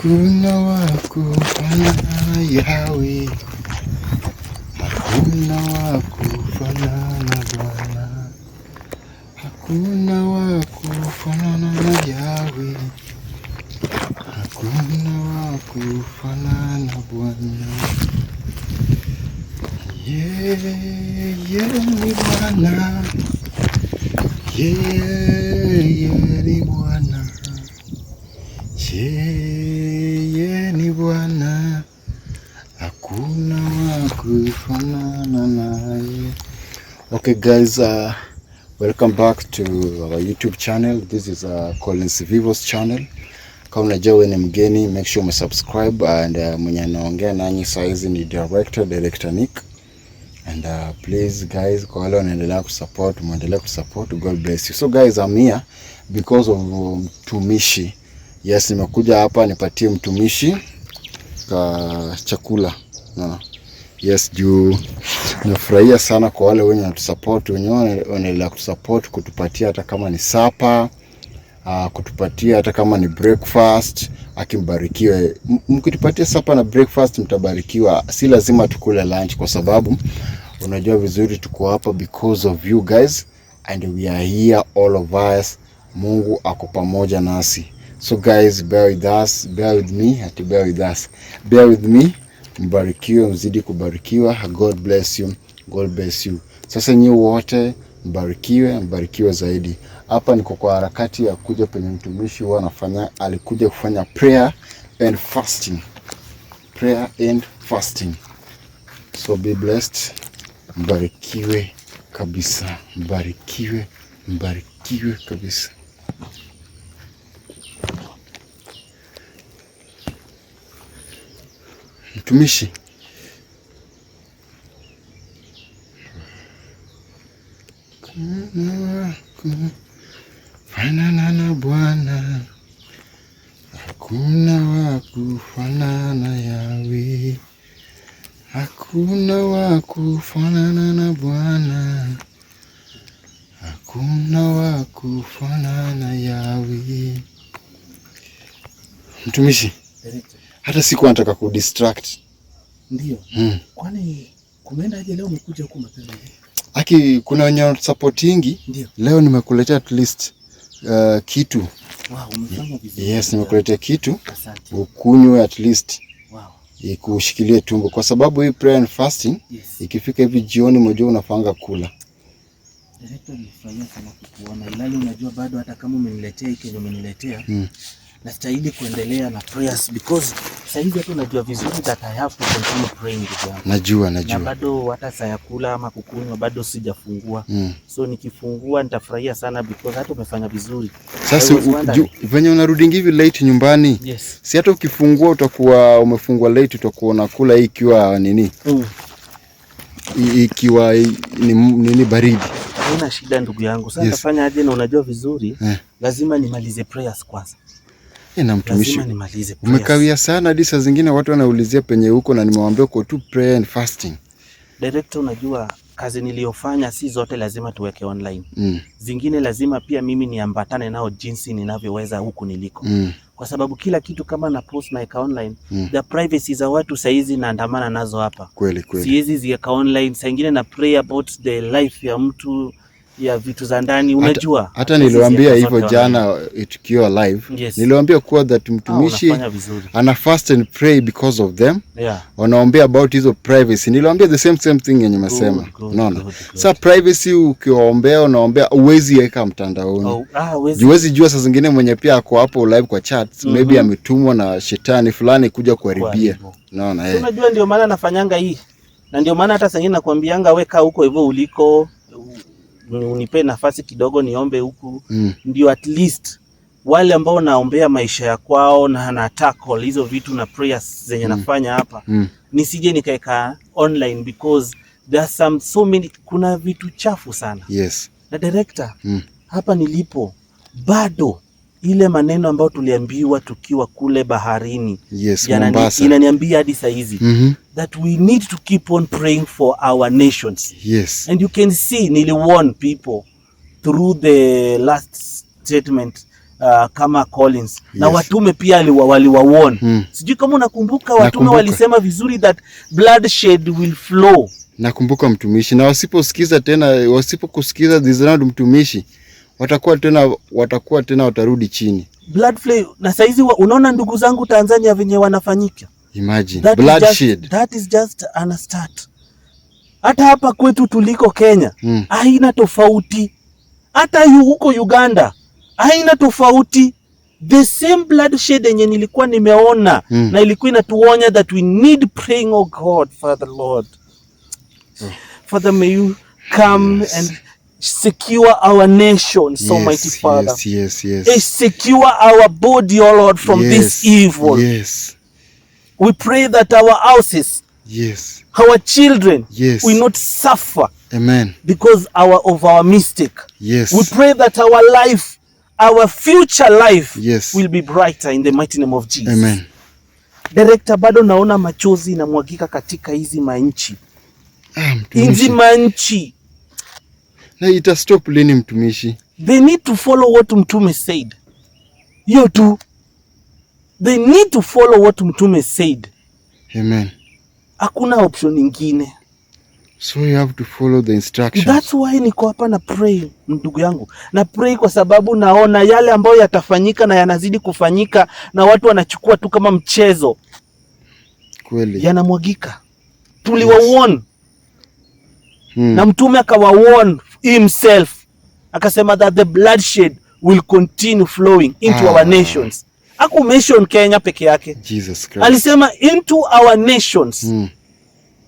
kuna wako kama Yahweh, hakuna wako fanana Bwana, hakuna wako fanana na Yahweh, hakuna wako fanana Bwana. Yeye ni Bwana, yeye ni Bwana, yeye Okay guys, uh, welcome back to our YouTube channel. This is uh, Collins Vivos channel. Kama unajua wewe ni mgeni, make sure umesubscribe and uh, mwenye anaongea nanyi saizi ni director director Nick. And uh, please guys, kwa wale wanaendelea kusupport, muendelee kusupport. God bless you. So guys, I'm here because of uh, mtumishi. Um, Yes, nimekuja hapa nipatie mtumishi ka uh, chakula. No. Yes, juu nafurahia sana kwa wale wenye wanatusupport, wenyewe wanaendelea kutusupport, kutupatia hata kama ni sapa uh, kutupatia hata kama ni breakfast. Akimbarikiwe, mkitupatia sapa na breakfast mtabarikiwa. Si lazima tukule lunch, kwa sababu unajua vizuri tuko hapa because of you guys and we are here all of us. Mungu ako pamoja nasi, so guys bear with us, bear with me, ati bear with us, bear with me mbarikiwe, mzidi kubarikiwa. God bless you, God bless you. Sasa nyi wote mbarikiwe, mbarikiwe zaidi. Hapa niko kwa harakati ya kuja penye mtumishi huwa anafanya, alikuja kufanya prayer and fasting, prayer and fasting. So be blessed, mbarikiwe kabisa, mbarikiwe, mbarikiwe kabisa. mtumishi fanana na Bwana, hakuna wa kufanana Yawe, hakuna wa kufanana na Bwana, hakuna wa kufanana Yawe. Mtumishi Benito hata siku anataka ku distract. Ndio. Mm. Kwani aje leo umekuja huko mapema? Aki kuna wenye support supportingi. Ndio. Leo nimekuletea at least uh, kitu. Wow, umefanya vizuri. Yes, nimekuletea kitu. Asante. Ukunywe at least. Wow. Ikushikilie tumbo kwa sababu hii prayer and fasting yes. Ikifika hivi jioni mmoja unafanga kula. Director, nifurahia kama kukuona. Ilani unajua bado hata kama umeniletea hiki ndio umeniletea. Mm nastahili kuendelea na prayers because sahizi hata unajua vizuri that I have to continue praying. with Najua, najua. Na bado hata saa ya kula ama kukunywa bado sijafungua mm. So nikifungua nitafurahia sana because hata umefanya vizuri. Sasa venye unarudi ngivi late nyumbani yes. Si hata ukifungua utakuwa umefungua late, utakuwa unakula hii ikiwa nini mm. Ikiwa nini baridi Haina shida ndugu yangu. Sasa yes. Tafanya aje na unajua vizuri eh. Lazima nimalize prayers kwanza Eh, na mtumishi, umekawia sana hadi saa zingine watu wanaulizia penye huko, na nimewaambia uko tu prayer and fasting. Director, unajua kazi niliyofanya si zote lazima tuweke online mm. Zingine lazima pia mimi niambatane nao jinsi ninavyoweza huku niliko mm. Kwa sababu kila kitu kama na post na online mm. The privacy za watu saizi naandamana nazo hapa kweli kweli, siwezi ziweka online. Saa ingine na pray about the life ya mtu ya vitu za ndani unajua hata, niliwaambia hivyo jana tukio live yes. Niliwaambia kuwa that mtumishi ha, ah, ana fast and pray because of them yeah. Wanaombea about hizo privacy, niliwaambia the same same thing yenye masema. unaona Sasa privacy ukiwaombea, unaombea uwezi weka mtandaoni oh, ah, uwezi jua saa zingine mwenye pia ako hapo live kwa chat mm -hmm. Maybe ametumwa na shetani fulani kuja kuharibia, unaona eh, unajua ndio maana nafanyanga hii na ndio maana hata sasa nakwambianga weka huko hivyo uliko Mm. unipe nafasi kidogo niombe huku mm. Ndio at least wale ambao naombea maisha ya kwao na na tackle hizo vitu na prayers zenye mm. nafanya hapa mm. nisije nikaeka online because there are some so many, kuna vitu chafu sana yes. Na director mm. hapa nilipo bado ile maneno ambayo tuliambiwa tukiwa kule baharini yes, inaniambia hadi saa hizi mm -hmm that we need to keep on praying for our nations. Yes. And you can see nearly one people through the last statement uh, kama Collins yes. Na watume pia waliwawarn hmm. Sijui kama unakumbuka watume nakumbuka. Walisema vizuri that bloodshed will flow. Nakumbuka mtumishi, na wasiposikiza tena, wasipokusikiza Israeli mtumishi, watakuwa tena watakuwa tena watarudi chini blood flow. Na saizi unaona ndugu zangu Tanzania venye wanafanyika Imagine that bloodshed. Is just, that is just an start. Hata hapa kwetu tuliko Kenya mm. haina tofauti, hata huko Uganda haina tofauti. The same bloodshed yenye nilikuwa nimeona mm. na ilikuwa inatuonya that we need praying oh God Father Lord oh. Father may you come yes. and secure our nation so yes, mighty Father yes, yes, yes. secure our body oh Lord from yes, this evil yes. We pray that our houses, yes, our children, yes, will not suffer. Amen. Because our, of our mistake. Yes. We pray that our life, our future life, yes, will be brighter in the mighty name of Jesus. Amen. Director, bado naona machozi inamwagika katika hizi manchi. Ah, hizi manchi. Na ita stop lini mtumishi? They need to follow what mtume said. Hiyo tu. They need to follow what Mtume said. Amen. Hakuna option ingine. So you have to follow the instructions. That's why niko hapa na pray ndugu yangu. Na pray kwa sababu naona yale ambayo yatafanyika na yanazidi kufanyika na watu wanachukua tu kama mchezo. Kweli. Yanamwagika. Tuliwa yes. warn. Hmm. Na Mtume akawa warn himself. Akasema that the bloodshed will continue flowing into ah, our nations. Haku mention Kenya peke yake. Jesus Christ. Alisema into our nations. Mm.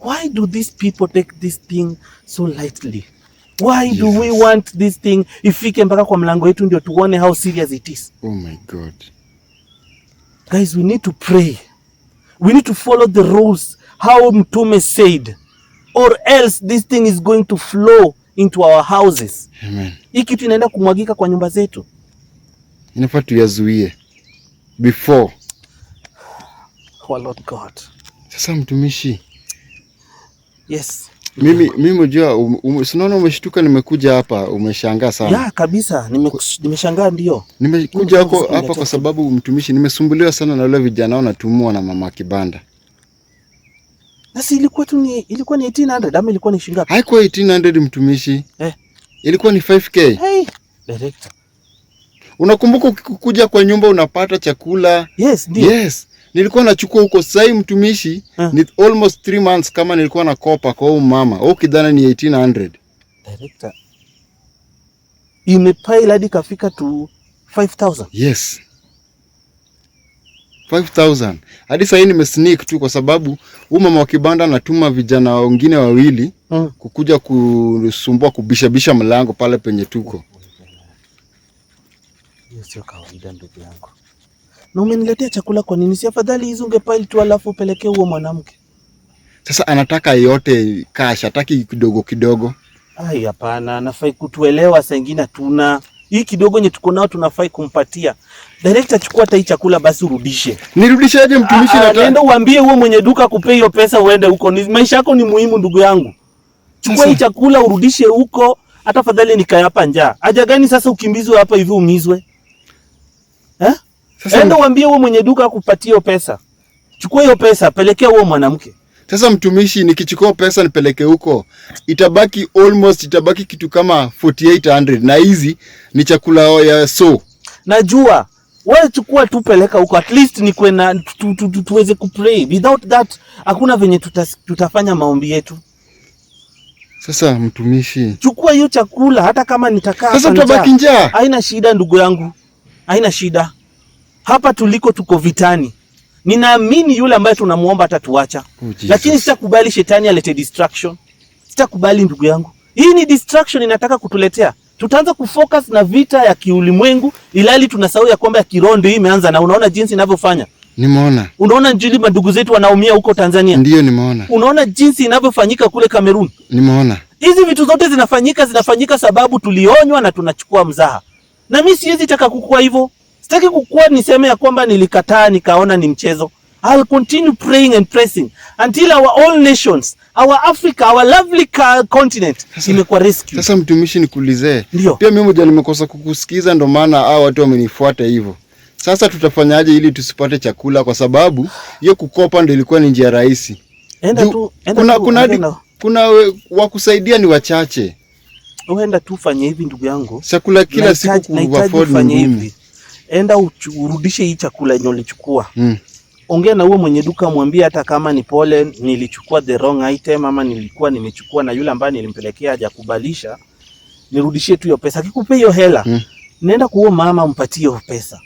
Why do these people take this thing so lightly? Why Jesus. do we want this thing ifike mpaka kwa mlango wetu ndio tuone how serious it is? Oh my God. Guys, we need to pray. We need to follow the rules how Mtume said or else this thing is going to flow into our houses. Amen. Hii kitu inaenda kumwagika kwa nyumba zetu. Inafaa tuyazuie before. Oh Lord God. Sasa mtumishi, yes mimi mimi unajua um, um, sinaona umeshtuka, nimekuja hapa umeshangaa sana. Ya, kabisa nimeshangaa, ndio nimekuja hako hapa kwa sababu mtumishi, nimesumbuliwa sana na wale vijana wanatumwa na mama kibanda. Nasi ilikuwa tu ni ilikuwa ni 1800 ama ilikuwa ni shilingi ngapi? Haikuwa 1800 mtumishi eh, ilikuwa ni 5k. Hey, director Unakumbuka ukikuja kwa nyumba unapata chakula? Yes, ndio. Yes. Nilikuwa nachukua huko sai mtumishi ah. Ni almost 3 months kama nilikuwa nakopa kwa huyu mama. Huyu kidhana ni 1800. Director. Imepaila hadi kafika tu 5000. Yes. 5000. Hadi sasa nimesneak tu kwa sababu huyu mama wa kibanda anatuma vijana wengine wawili ah. kukuja kusumbua kubishabisha mlango pale penye tuko. Hiyo sio kawaida ndugu yangu. Na umeniletea chakula kwa nini? Si afadhali hizo ungepile tu alafu upelekee huo mwanamke. Sasa anataka yote kash, hataki kidogo kidogo. Ai, hapana, anafai kutuelewa. Saa ingine tuna hii kidogo yenye tuko nao tunafai kumpatia. Director, chukua hata hii chakula basi urudishe. Nirudisheje mtumishi? Ah, ah, Na tena nenda uambie huo mwenye duka kupe hiyo pesa uende huko. Ni Maisha yako ni muhimu ndugu yangu. Chukua hii chakula urudishe huko, hata fadhali nikae hapa njaa. Haja gani sasa ukimbizwe hapa hivi umizwe? Eh? Sasa ndio uambie wewe mwenye duka akupatie pesa. Chukua hiyo pesa, pelekea huo mwanamke. Sasa mtumishi, nikichukua pesa nipeleke huko, itabaki almost itabaki kitu kama 4800 na hizi ni chakula ya so. Najua wewe chukua tu peleka huko, at least ni na tuweze kupray. Without that hakuna venye tuta, tutafanya maombi yetu. Sasa mtumishi, chukua hiyo chakula, hata kama nitakaa sasa, tutabaki njaa, haina shida ndugu yangu haina shida. Hapa tuliko tuko vitani. Ninaamini yule ambaye tunamuomba atatuacha. Oh, lakini sitakubali shetani alete distraction. Sitakubali ndugu yangu. Hii ni distraction inataka kutuletea. Tutaanza kufocus na vita ya kiulimwengu ilali tunasahau ya kwamba ya kiroho ndio imeanza na unaona jinsi inavyofanya. Nimeona. Unaona njili madugu zetu wanaumia huko Tanzania. Ndio nimeona. Unaona jinsi inavyofanyika kule Kamerun. Nimeona. Hizi vitu zote zinafanyika zinafanyika sababu tulionywa na tunachukua mzaha na mimi siwezi taka kukua hivyo. Sitaki kukua niseme ya kwamba nilikataa nikaona ni mchezo. I'll continue praying and pressing until our all nations, our Africa, our lovely continent imekuwa rescue. Sasa mtumishi, nikuulize. Pia mimi moja nimekosa kukusikiza, ndio maana hao watu wamenifuata hivyo. Sasa tutafanyaje ili tusipate chakula? Kwa sababu hiyo kukopa ndio ilikuwa ni njia rahisi. Enda tu, enda kuna, tu, kuna, enda kuna, kuna wakusaidia ni wachache Uenda tu fanye hivi ndugu yangu. Chakula kila siku kufanye hivi. Enda urudishe hii chakula yenye ulichukua. Mm. Ongea na huyo mwenye duka mwambie hata kama ni pole nilichukua the wrong item ama nilikuwa nimechukua na yule ambaye nilimpelekea hajakubalisha. Nirudishie tu hiyo pesa. Kikupe hiyo hela. Mm. Nenda kwa huyo mama umpatie hiyo pesa.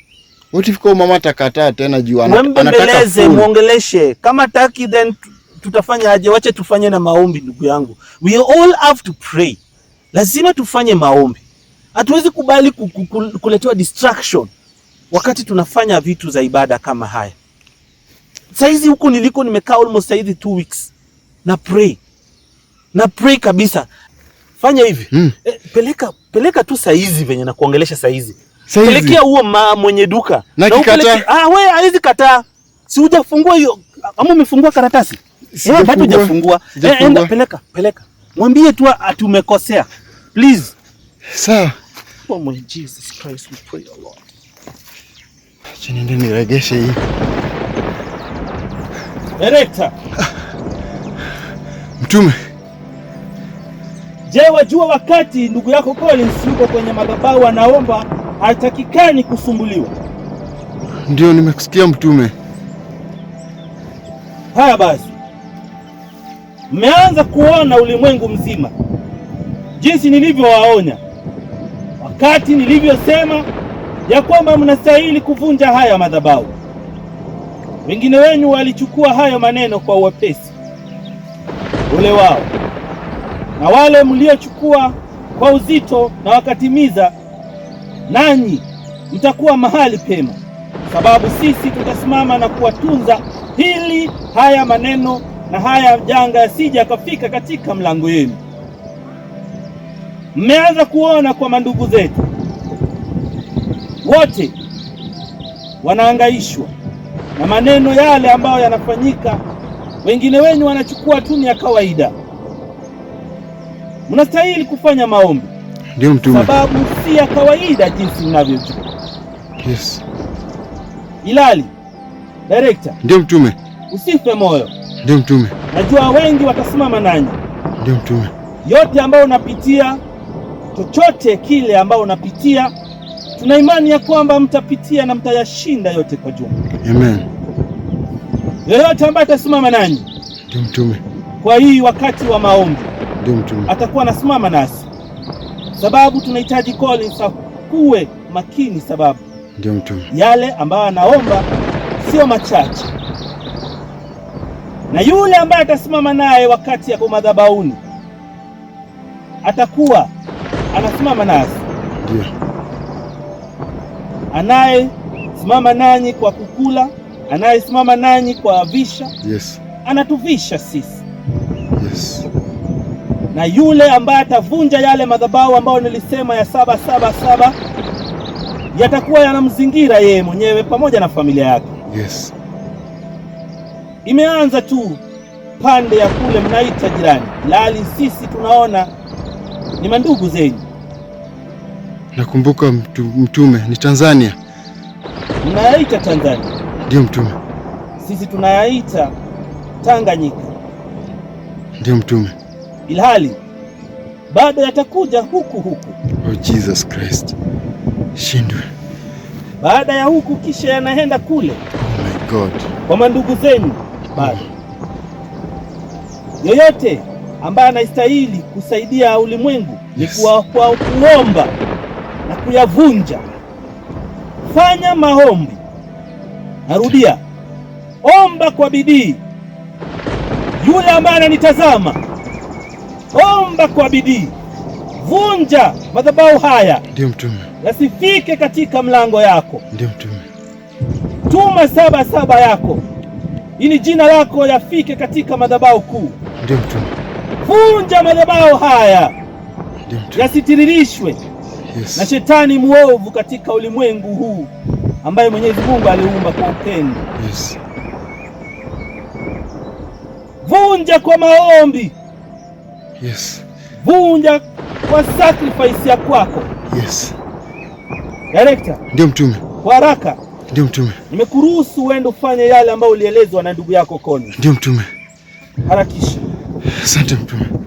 Wote Utifika mama atakataa tena juu anataka. Muongeleshe. Kama taki then tutafanya aje? Wache tufanye na maombi ndugu yangu. We all have to pray lazima tufanye maombi. Hatuwezi kubali kuletewa distraction wakati tunafanya vitu za ibada kama haya. Saizi huku niliko nimekaa almost saizi two weeks na pray na pray kabisa. Fanya hivi mm. E, peleka peleka tu saizi venye nakuongelesha saizi, pelekea huo ma mwenye duka na kikata. Ah, we hawezi kataa, si hujafungua hiyo ama umefungua karatasi? Bado hujafungua. Eh, enda peleka peleka, mwambie tu atumekosea Please. Sawa. Oh my Jesus Christ, we pray a lot. Acha niende niregeshe hii. Director. Mtume. Je, wajua wakati ndugu yako Collins yuko kwenye madhabahu anaomba hatakikani kusumbuliwa? Ndio, nimekusikia mtume. Haya basi. Mmeanza kuona ulimwengu mzima jinsi nilivyowaonya wakati nilivyosema ya kwamba mnastahili kuvunja haya madhabahu. Wengine wenu walichukua hayo maneno kwa uwepesi ule wao, na wale mliochukua kwa uzito na wakatimiza, nanyi mtakuwa mahali pema, sababu sisi tutasimama na kuwatunza hili haya maneno na haya janga yasije yakafika katika mlango yenu. Mmeanza kuona kwa mandugu zetu wote wanaangaishwa na maneno yale ambayo yanafanyika. Wengine wenu wanachukua tu ni ya kawaida. Mnastahili kufanya maombi, ndio mtume, sababu si ya kawaida jinsi mnavyojua. Yes. Ilali director, ndio mtume, usife moyo, ndio mtume. Najua wengi watasimama nanyi, ndio mtume, yote ambayo unapitia chochote kile ambao unapitia, tuna imani ya kwamba mtapitia na mtayashinda yote kwa jumla. Amen. Yoyote ambaye atasimama nanyi ndio mtume. Kwa hii wakati wa maombi ndio mtume atakuwa anasimama nasi, sababu tunahitaji Collins akuwe makini, sababu ndio mtume. Yale ambayo anaomba sio machache, na yule ambaye atasimama naye wakati yako madhabahuni atakuwa anasimama nasi, ndio anayesimama nanyi kwa kukula, anayesimama nanyi kwa visha. Yes. Anatuvisha sisi. Yes. Na yule ambaye atavunja yale madhabahu ambayo nilisema ya saba saba saba yatakuwa yanamzingira yeye mwenyewe pamoja na familia yake. Yes. Imeanza tu pande ya kule mnaita jirani, lali sisi tunaona ni mandugu zenyu. Nakumbuka mtu, mtume ni Tanzania. Mnayaita Tanzania? Ndiyo mtume. Sisi tunayaita Tanganyika. Ndiyo mtume. Ilhali bado yatakuja huku huku. Oh, Jesus Christ. Shindwe. Baada ya huku kisha yanaenda kule. Oh my God. Kwa mandugu zenu bado. Yeyote ambaye anastahili kusaidia ulimwengu ni yes. Kwa kuomba na kuyavunja. Fanya maombi, narudia, omba kwa bidii. Yule ambaye ananitazama, omba kwa bidii, vunja madhabahu haya, ndio mtume, yasifike katika mlango yako, ndio mtume. Tuma saba saba yako ili jina lako yafike katika madhabahu kuu, ndio mtume. Vunja madhabahu haya yasitiririshwe yes. na shetani mwovu katika ulimwengu huu ambaye Mwenyezi Mungu aliumba kwa upendo yes. Vunja kwa maombi yes. Vunja kwa sacrifice ya kwako yes. Director, ndio mtume. Kwa haraka, ndio mtume. Nimekuruhusu uende ufanye yale ambayo ulielezwa na ndugu yako Koni. Ndio mtume. Harakisha. Asante mtume.